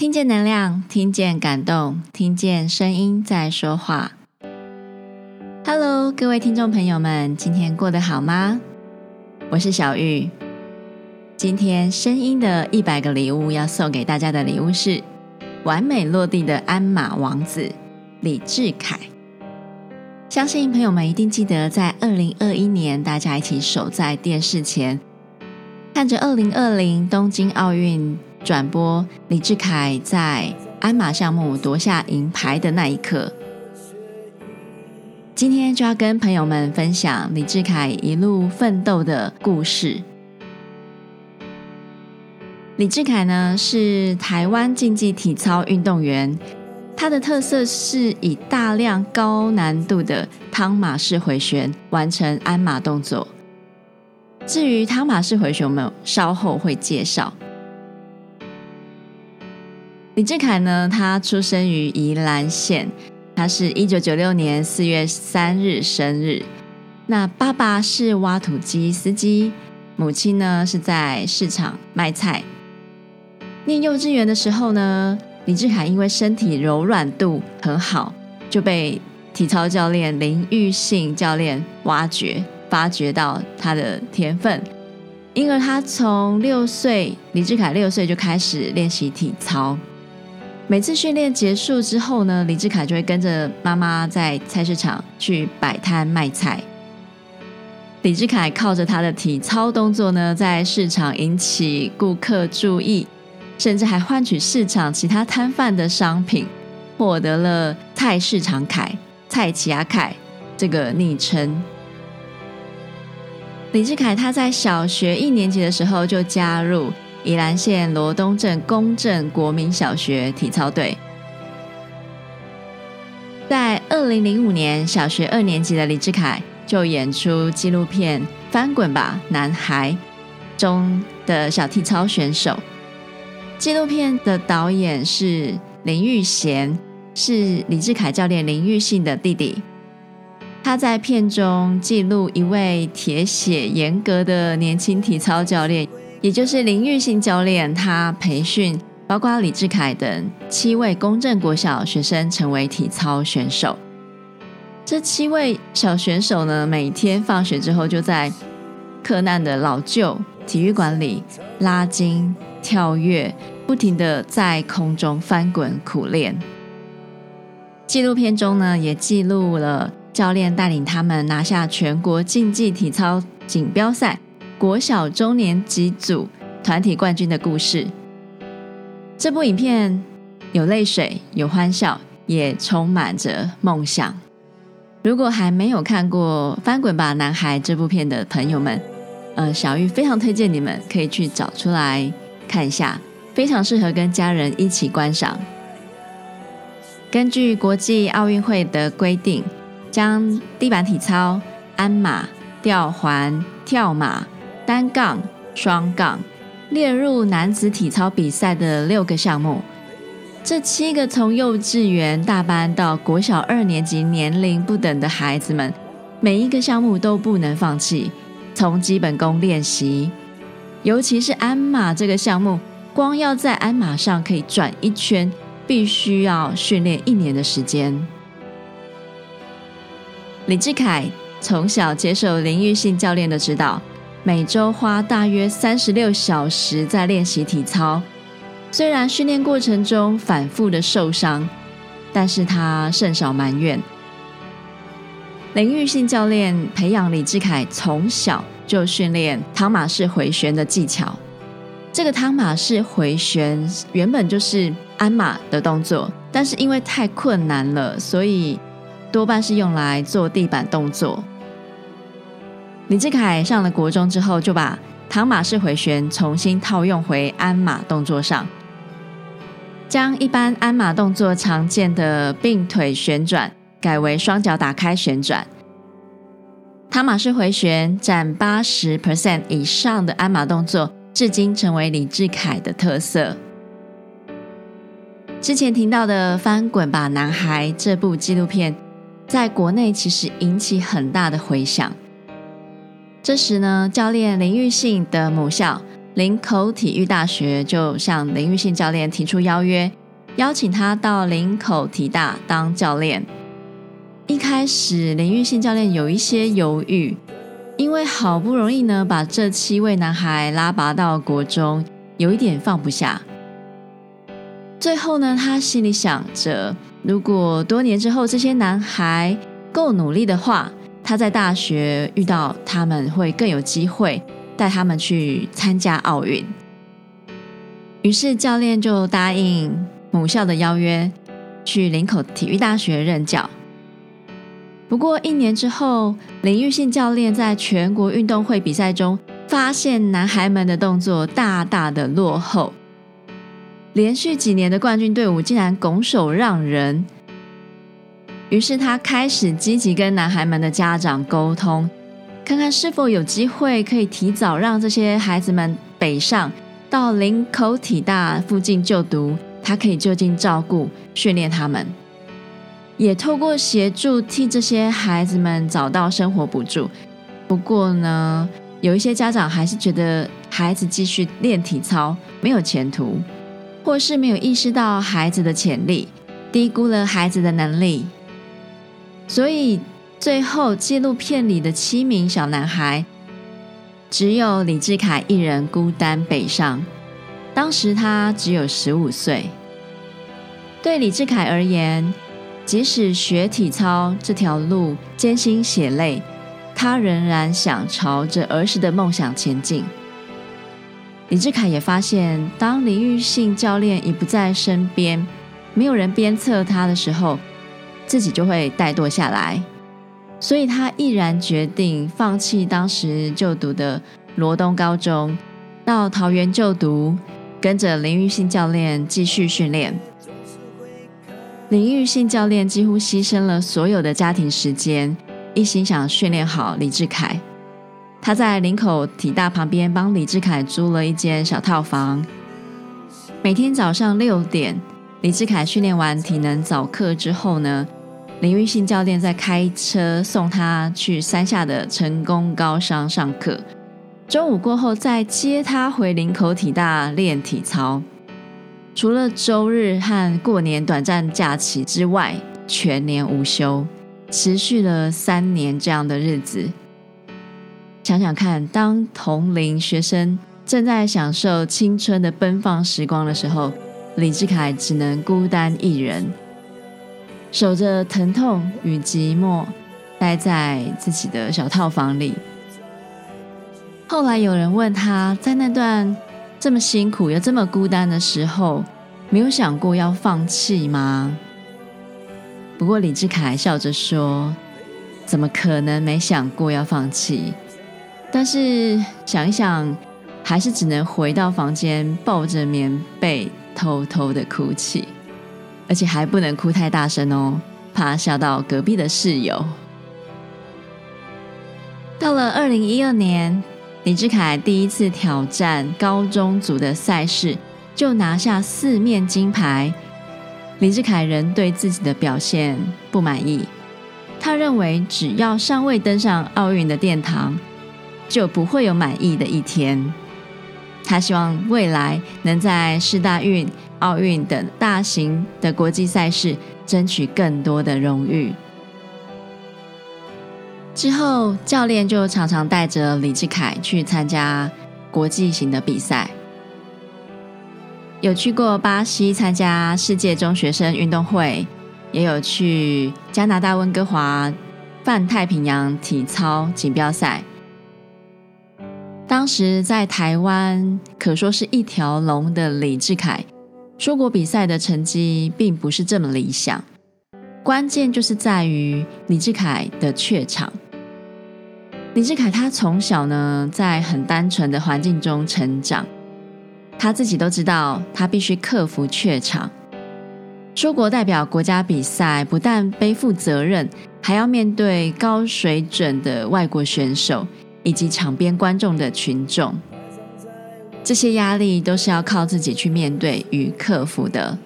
聽見能量，聽見感動，聽見聲音在說話。Hello，各位聽眾朋友們，今天過得好嗎？我是小玉。今天聲音的一百個禮物要送給大家的禮物是完美落地的鞍馬王子李智凱。相信朋友們一定記得，在二零二一年，大家一起守在電視前，看着二零二零東京奧運。轉播李智凱在鞍馬項目奪下銀牌的那一刻，今天就要跟朋友們分享李智凱一路奮鬥的故事。李智凱呢，是台灣競技體操運動員，他的特色是以大量高難度的湯馬式回旋完成鞍馬動作。至於湯馬式回旋，我們稍後會介紹。李智凱呢？他出生於宜蘭縣，他是一九九六年四月三日生日。那爸爸是挖土機司機，母親呢是在市場賣菜。念幼稚園的時候呢，李智凱因為身體柔軟度很好，就被體操教練林玉信教練挖掘、發掘到他的天分，因而他從六歲，李智凱六歲就開始練習體操。每次訓練結束之後呢，李智凱就會跟着媽媽在菜市場去擺攤賣菜。李智凱靠着他的體操動作呢，在市場引起顧客注意，甚至還換取市場其他攤販的商品，獲得了“菜市場凱”、“菜奇阿凱”這個昵稱。李智凱他在小學一年級的時候就加入。宜蘭縣羅東鎮公正國民小學體操隊，在二零零五年小學二年級的李智凱就演出紀錄片《翻滾吧，男孩》中的小體操選手。紀錄片的導演是林玉賢，是李智凱教練林玉信的弟弟。他在片中記錄一位鐵血嚴格的年輕體操教練。也就是林育信教練，他培訓包括李智凱等七位公正國小學生成為體操選手。這七位小選手呢，每天放學之後就在克難的老舊體育館裡拉筋、跳躍，不停的在空中翻滾苦練。紀錄片中呢，也記錄了教練帶領他們拿下全國競技體操錦標賽國小中年級組團體冠軍的故事。這部影片有淚水，有歡笑，也充滿着夢想。如果還沒有看過《翻滾吧，男孩》這部片的朋友們，呃，小玉非常推薦你們可以去找出來看一下，非常適合跟家人一起觀賞。根據國際奧運會的規定，將地板體操、鞍馬、吊環、跳馬，單槓、雙槓列入男子體操比賽的六個項目，這七個從幼稚園大班到國小二年級年齡不等的孩子們，每一個項目都不能放棄。從基本功練習，尤其是鞍馬這個項目，光要在鞍馬上可以轉一圈，必須要訓練一年的時間。李智凱從小接受林育信教練的指導。每週花大約三十六小時在練習體操，雖然訓練過程中反復的受傷，但是他甚少埋怨。林育信教練培養李智凱，從小就訓練湯瑪士迴旋的技巧。這個湯瑪士迴旋原本就是鞍馬的動作，但是因為太困難了，所以多半是用來做地板動作。李智凱上了國中之後，就把湯馬士迴旋，重新套用回鞍馬動作上，將一般鞍馬動作常見的併腿旋轉改為雙腳打開旋轉。湯馬士迴旋占80%以上的鞍馬動作，至今成為李智凱的特色。之前聽到的《翻滾吧，男孩》這部紀錄片，在國內其實引起很大的回響。這時呢，教練林育信的母校林口體育大學就向林育信教練提出邀約，邀請他到林口體大當教練。一開始，林育信教練有一些猶豫，因為好不容易呢把這七位男孩拉拔到國中，有一點放不下。最後呢，他心裡想着，如果多年之後這些男孩夠努力的話，他在大學遇到他們，會更有機會帶他們去參加奧運。於是教練就答應母校的邀約，去林口體育大學任教。不過一年之後，林育信教練在全國運動會比賽中發現，男孩們的動作大大的落後，連續幾年的冠軍隊伍竟然拱手讓人。於是他開始積極跟男孩們的家長溝通，看看是否有機會可以提早讓這些孩子們北上到林口體大附近就讀，他可以就近照顧、訓練他們，也透過協助替這些孩子們找到生活補助。不過呢，有一些家長還是覺得孩子繼續練體操沒有前途，或是沒有意識到孩子的潛力，低估了孩子的能力。所以，最後紀錄片裡的七名小男孩，只有李智凱一人孤單北上。當時他只有十五歲。對李智凱而言，即使學體操這條路艱辛血淚，他仍然想朝着兒時的夢想前進。李智凱也發現，當林育信教練已不在身邊，沒有人鞭策他的時候，自己就會怠惰下來，所以他毅然決定放棄當時就讀的羅東高中，到桃園就讀，跟着林育信教練繼續訓練。林育信教練幾乎犧牲了所有的家庭時間，一心想訓練好李智凱。他在林口體大旁邊幫李智凱租了一間小套房，每天早上六點，李智凱訓練完體能早課之後呢，林育信教練在開車送他去山下的成功高商上課，中午過後再接他回林口體大練體操。除了周日和過年短暫假期之外，全年無休，持續了三年這樣的日子。想想看，當同齡學生正在享受青春的奔放時光的時候，李智凱只能孤單一人，守着疼痛與寂寞，待在自己的小套房裡。後來有人問他，在那段這麼辛苦、又這麼孤單的時候，沒有想過要放棄嗎？不過李智凱笑着說：“怎麼可能沒想過要放棄？但是想一想，還是只能回到房間，抱着棉被，偷偷的哭泣。”而且還不能哭太大聲哦，怕嚇到隔壁的室友。到了二零一二年，李智凱第一次挑戰高中組的賽事，就拿下四面金牌。李智凱仍對自己的表現不滿意，他認為只要尚未登上奧運的殿堂，就不會有滿意的一天。他希望未來能在世大運、奧運等大型的國際賽事爭取更多的榮譽。之後，教練就常常帶着李智凱去參加國際型的比賽，有去過巴西參加世界中學生運動會，也有去加拿大溫哥華泛太平洋體操錦標賽。當時在台灣可說是一條龍的李智凱出國比賽的成績並不是這麼理想，關鍵就是在於李智凱的怯場。李智凱他從小呢，在很單純的環境中成長，他自己都知道他必須克服怯場。出國代表國家比賽，不但背負責任，還要面對高水準的外國選手。以及場邊觀眾的群眾，這些壓力都是要靠自己去面對與克服的。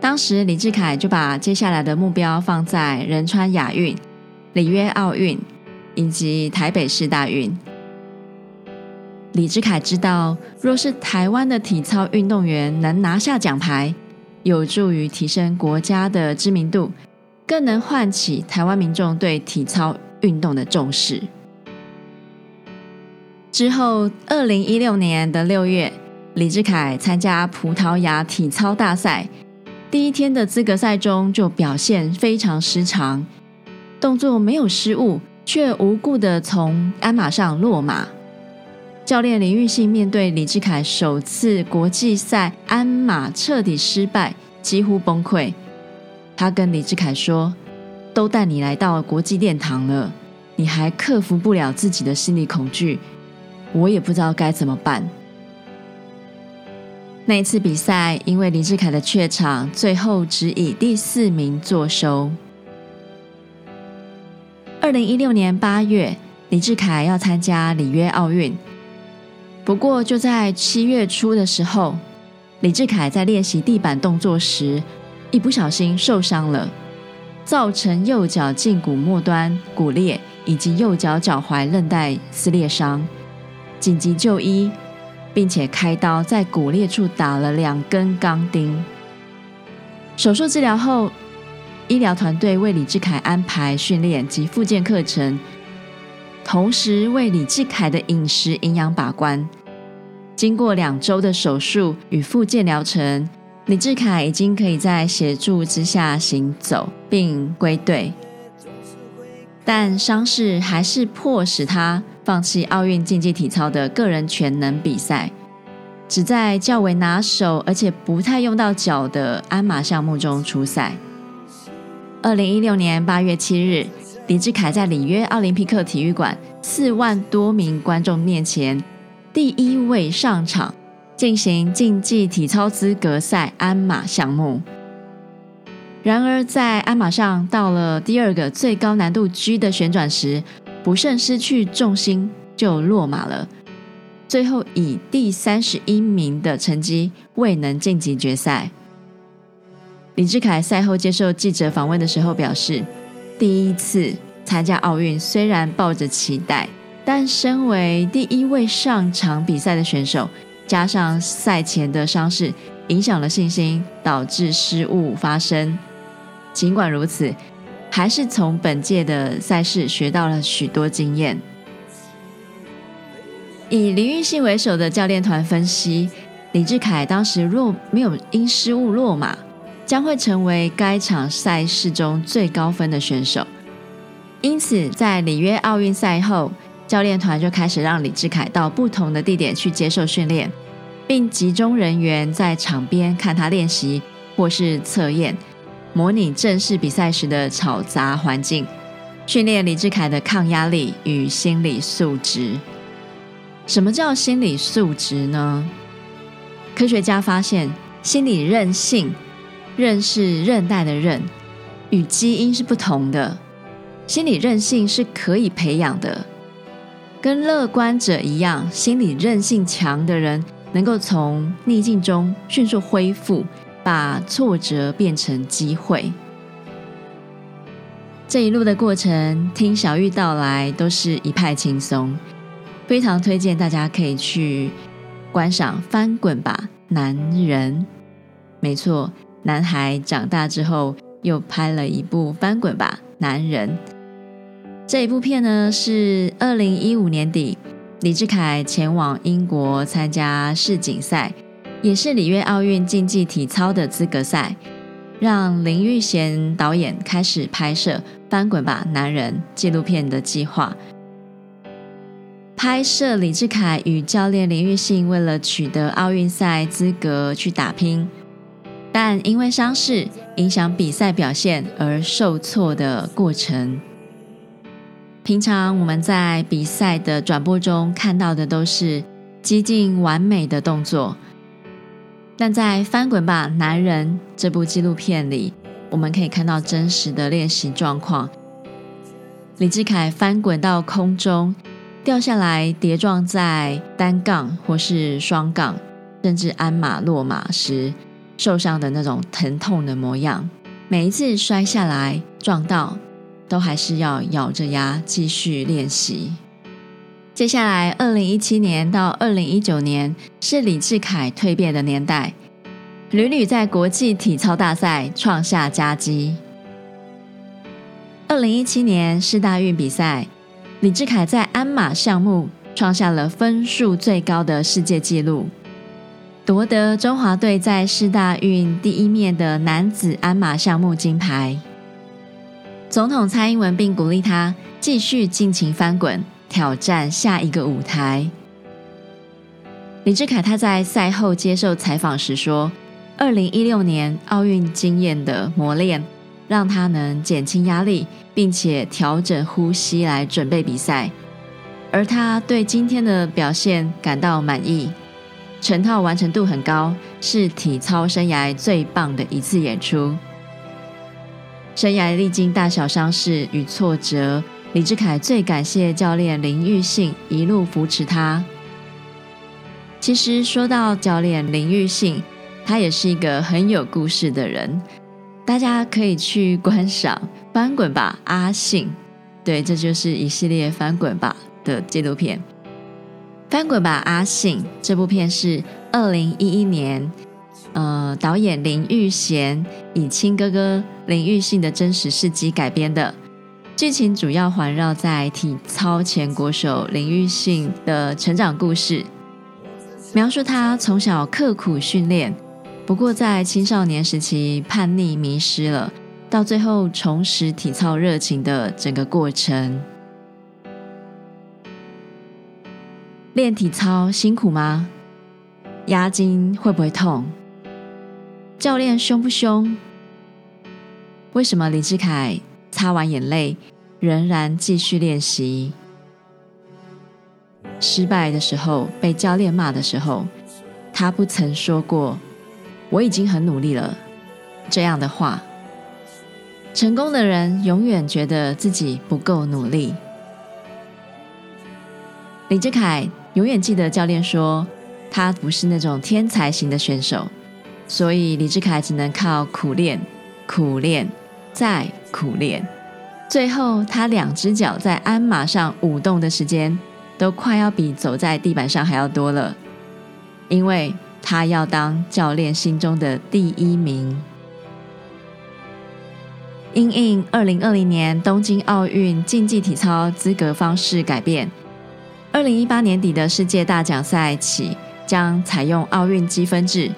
當時李智凱就把接下來的目標放在仁川亞運、里約奧運以及台北市大運。李智凱知道，若是台灣的體操運動員能拿下獎牌，有助於提升國家的知名度，更能喚起台灣民眾對體操運動的重視。之後，二零一六年的六月，李智凱參加葡萄牙體操大賽，第一天的資格賽中就表現非常失常，動作沒有失誤，卻無故的從鞍馬上落馬。教練林玉信面對李智凱首次國際賽鞍馬徹底失敗，幾乎崩潰。他跟李智凱說：“都帶你來到國際殿堂了，你還克服不了自己的心理恐懼？”我也不知道該怎麼辦。那一次比賽，因為李智凱的怯場，最後只以第四名作收。二零一六年八月，李智凱要參加里約奧運，不過就在七月初的時候，李智凱在練習地板動作時，一不小心受傷了，造成右腳脛骨末端骨裂以及右腳腳踝韌帶撕裂傷。緊急就醫，並且開刀在骨裂處打了兩根鋼釘。手術治療後，醫療團隊為李智凱安排訓練及復健課程，同時為李智凱的飲食營養把關。經過兩週的手術與復健療程，李智凱已經可以在協助之下行走，並歸隊。但傷勢還是迫使他放棄奧運競技體操的個人全能比賽，只在較為拿手而且不太用到腳的鞍馬項目中出賽。二零一六年八月七日，李智凱在里約奧林匹克體育館四萬多名觀眾面前，第一位上場進行競技體操資格賽鞍馬項目。然而，在鞍馬上到了第二個最高難度 G 的旋轉時，不慎失去重心，就落馬了。最後以第三十一名的成績未能晉級決賽。李智凱賽後接受記者訪問的時候表示：“第一次參加奧運，雖然抱着期待，但身為第一位上場比賽的選手，加上賽前的傷勢影響了信心，導致失誤發生。”儘管如此，還是從本屆的賽事學到了許多經驗。以林育信為首的教練團分析，李智凱當時若沒有因失誤落馬，將會成為該場賽事中最高分的選手。因此，在里約奧運賽後，教練團就開始讓李智凱到不同的地點去接受訓練，並集中人員在場邊看他練習或是測驗。模擬正式比賽時的吵雜環境，訓練李智凱的抗壓力與心理素質。什麼叫心理素質呢？科學家發現，心理韌性，韌是韌帶的韌，與基因是不同的。心理韌性是可以培養的，跟樂觀者一樣，心理韌性強的人能夠從逆境中迅速恢復。把挫折變成機會，這一路的過程，聽小玉道來，都是一派輕鬆。非常推薦大家可以去觀賞《翻滾吧，男人》。沒錯，男孩長大之後又拍了一部《翻滾吧，男人》。這一部片呢，是二零一五年底，李智凱前往英國參加世錦賽。也是里約奧運競技體操的資格賽，讓林育賢導演開始拍攝《翻滾吧，男人》紀錄片的計劃，拍攝李智凱與教練林育信為了取得奧運賽資格去打拼，但因為傷勢影響比賽表現而受挫的過程。平常我們在比賽的轉播中看到的都是幾近完美的動作。但在《翻滾吧，男人》這部紀錄片裡，我們可以看到真實的練習狀況。李智凱翻滾到空中，掉下來跌撞在單槓或是雙槓，甚至鞍馬、落馬時受傷的那種疼痛的模樣。每一次摔下來，撞到，都還是要咬着牙繼續練習。接下來，二零一七年到二零一九年是李智凱蛻變的年代，屢屢在國際體操大賽創下佳績。二零一七年世大運比賽，李智凱在鞍馬項目創下了分數最高的世界紀錄，奪得中華隊在世大運第一面的男子鞍馬項目金牌。總統蔡英文並鼓勵他繼續盡情翻滾。挑戰下一個舞台。李智凱他在賽後接受採訪時說：“二零一六年奧運經驗的磨練，讓他能減輕壓力，並且調整呼吸來準備比賽。而他對今天的表現感到滿意，成套完成度很高，是體操生涯最棒的一次演出。生涯歷經大小傷勢與挫折。”李智凱最感謝教練林玉信一路扶持他。其實說到教練林玉信，他也是一個很有故事的人，大家可以去觀賞《翻滾吧，阿信》。對，這就是一系列《翻滾吧》的紀錄片。《翻滾吧，阿信》這部片是二零一一年，呃，導演林玉賢以親哥哥林玉信的真實事蹟改編的。劇情主要環繞在體操前國手林育信的成長故事，描述他從小刻苦訓練，不過在青少年時期叛逆迷失了，到最後重拾體操熱情的整個過程。練體操辛苦嗎？壓筋會不會痛？教練凶不凶？為什麼李智凱？擦完眼淚，仍然繼續練習。失敗的時候，被教練罵的時候，他不曾說過“我已經很努力了”這樣的話。成功的人永遠覺得自己不夠努力。李智凱永遠記得教練說：“他不是那種天才型的選手，所以李智凱只能靠苦練，苦練，再。”苦練，最後他兩隻腳在鞍馬上舞動的時間，都快要比走在地板上還要多了，因為他要當教練心中的第一名。因應二零二零年東京奧運競技體操資格方式改變，二零一八年底的世界大獎賽起，將採用奧運積分制。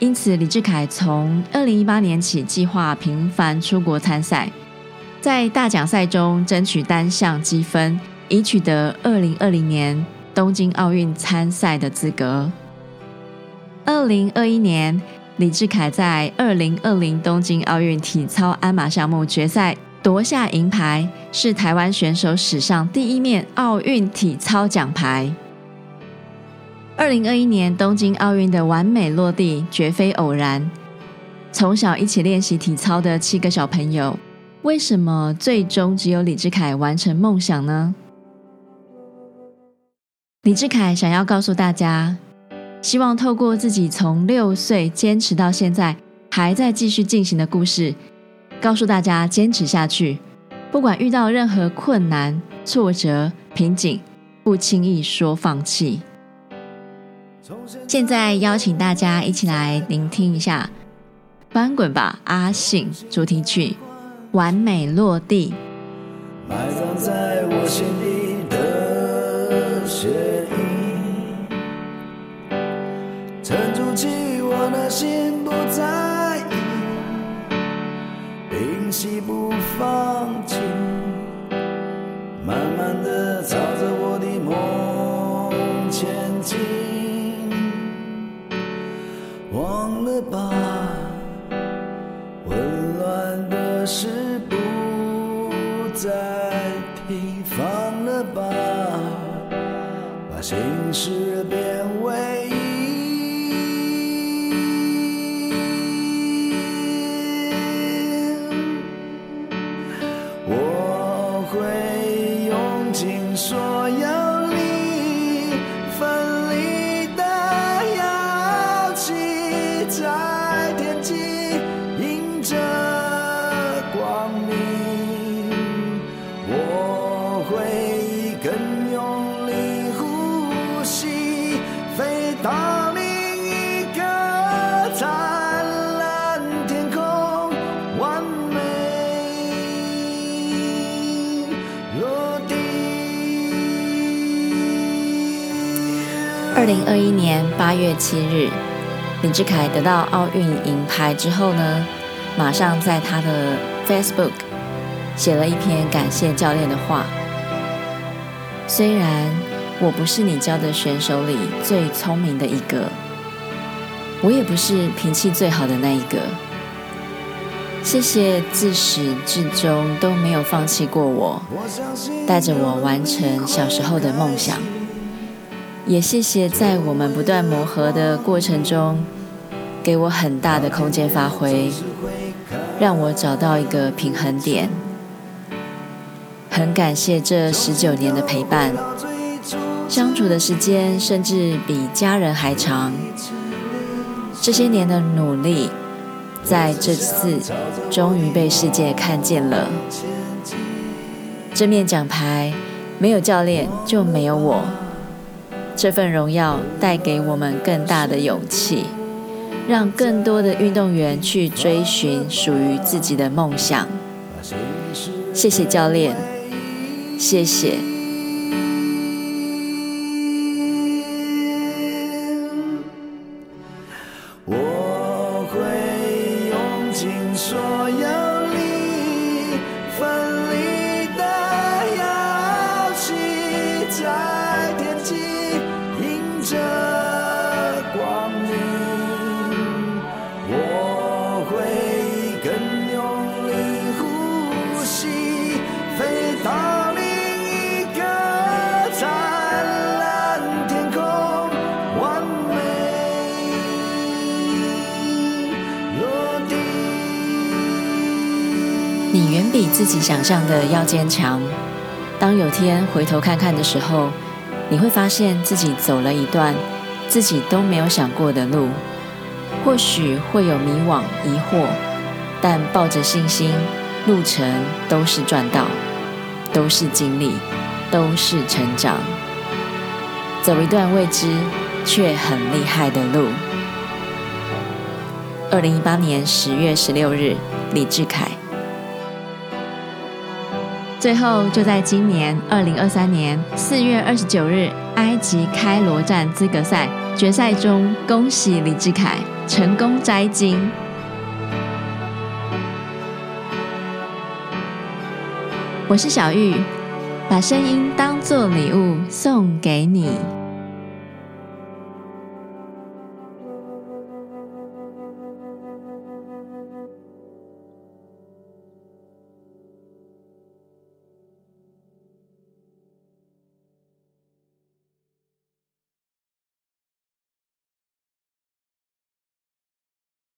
因此，李智凱從二零一八年起計劃頻繁出國參賽，在大獎賽中爭取單項積分，以取得二零二零年東京奧運參賽的資格。二零二一年，李智凱在二零二零東京奧運體操鞍馬項目決賽奪下銀牌，是台灣選手史上第一面奧運體操獎牌。二零二一年東京奧運的完美落地絕非偶然。從小一起練習體操的七個小朋友，為什麼最終只有李智凱完成夢想呢？李智凱想要告訴大家，希望透過自己從六歲堅持到現在，還在繼續進行的故事，告訴大家堅持下去，不管遇到任何困難、挫折、瓶頸，不輕易說放棄。現在邀請大家一起來聆聽一下《翻滾吧，阿信》主題曲《完美落地》。二零二一年八月七日，李智凱得到奧運銀牌之後呢，馬上在他的 Facebook 寫了一篇感謝教練的話。雖然我不是你教的選手裡最聰明的一個，我也不是脾氣最好的那一個，謝謝自始至終都沒有放棄過我，帶着我完成小時候的夢想。也謝謝在我們不斷磨合的過程中，給我很大的空間發揮，讓我找到一個平衡點。很感謝這十九年的陪伴，相處的時間甚至比家人還長。這些年的努力，在這次終於被世界看見了。這面獎牌，沒有教練就沒有我。這份榮耀帶給我們更大的勇氣，讓更多的運動員去追尋屬於自己的夢想。謝謝教練，謝謝。自己想象的要堅強。當有天回頭看看的時候，你會發現自己走了一段自己都沒有想過的路。或許會有迷惘、疑惑，但抱着信心，路程都是賺到，都是經歷，都是成長。走一段未知卻很厲害的路。二零一八年十月十六日，李智凱。最後，就在今年二零二三年四月二十九日，埃及開羅站資格賽決賽中，恭喜李智凱成功摘金。我是小玉，把聲音當作禮物送給你。